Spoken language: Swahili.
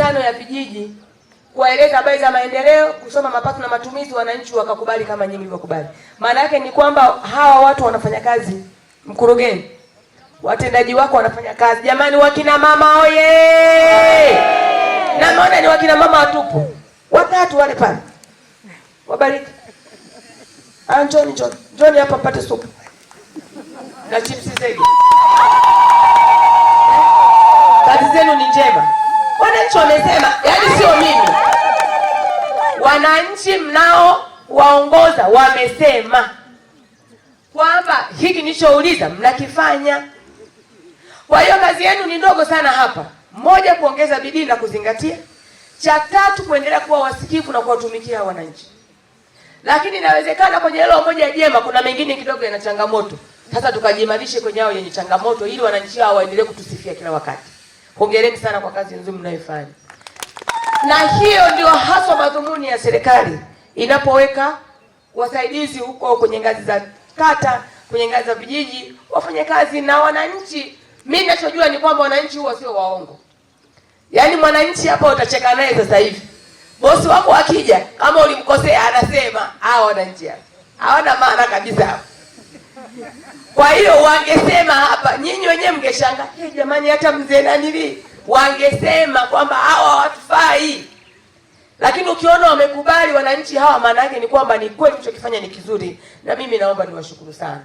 mikutano ya vijiji kuwaeleza habari za maendeleo, kusoma mapato na matumizi, wananchi wakakubali kama nyinyi mlivyokubali. Maana yake ni kwamba hawa watu wanafanya kazi, mkurugenzi, watendaji wako wanafanya kazi. Jamani, wakina mama oye! Na maana ni wakina mama watupu watatu wale pale, wabariki. Ah, njoni njoni njoni hapa pate supu na chipsi zege. Kazi zenu ni njema. Wananchi wamesema, yaani sio mimi, wananchi mnao waongoza wamesema kwamba hiki nilichouliza mnakifanya. Kwa hiyo kazi yenu ni ndogo sana hapa, moja kuongeza bidii na kuzingatia, cha tatu kuendelea kuwa wasikivu na kuwatumikia wananchi. Lakini inawezekana kwenye hilo moja jema, kuna mengine kidogo yana changamoto. Sasa tukajimarishe kwenye hao yenye changamoto, ili wananchi hao waendelee kutusifia kila wakati. Hongereni sana kwa kazi nzuri mnayoifanya, na hiyo ndio haswa madhumuni ya serikali inapoweka wasaidizi huko kwenye ngazi za kata, kwenye ngazi za vijiji, wafanye kazi na wananchi. Mimi ninachojua ni kwamba wananchi huwa sio waongo. Yaani mwananchi hapa utacheka naye sasa hivi, bosi wako akija, kama ulimkosea, anasema hao wananchi hawana maana kabisa. Kwa hiyo wangesema hapa, nyinyi wenyewe mngeshangaa, hey, eh, jamani, hata mzee nanili wangesema kwamba hawa hawatufai, lakini ukiona wamekubali wananchi hawa, maana yake ni kwamba ni kweli tulichokifanya ni kizuri, na mimi naomba niwashukuru sana.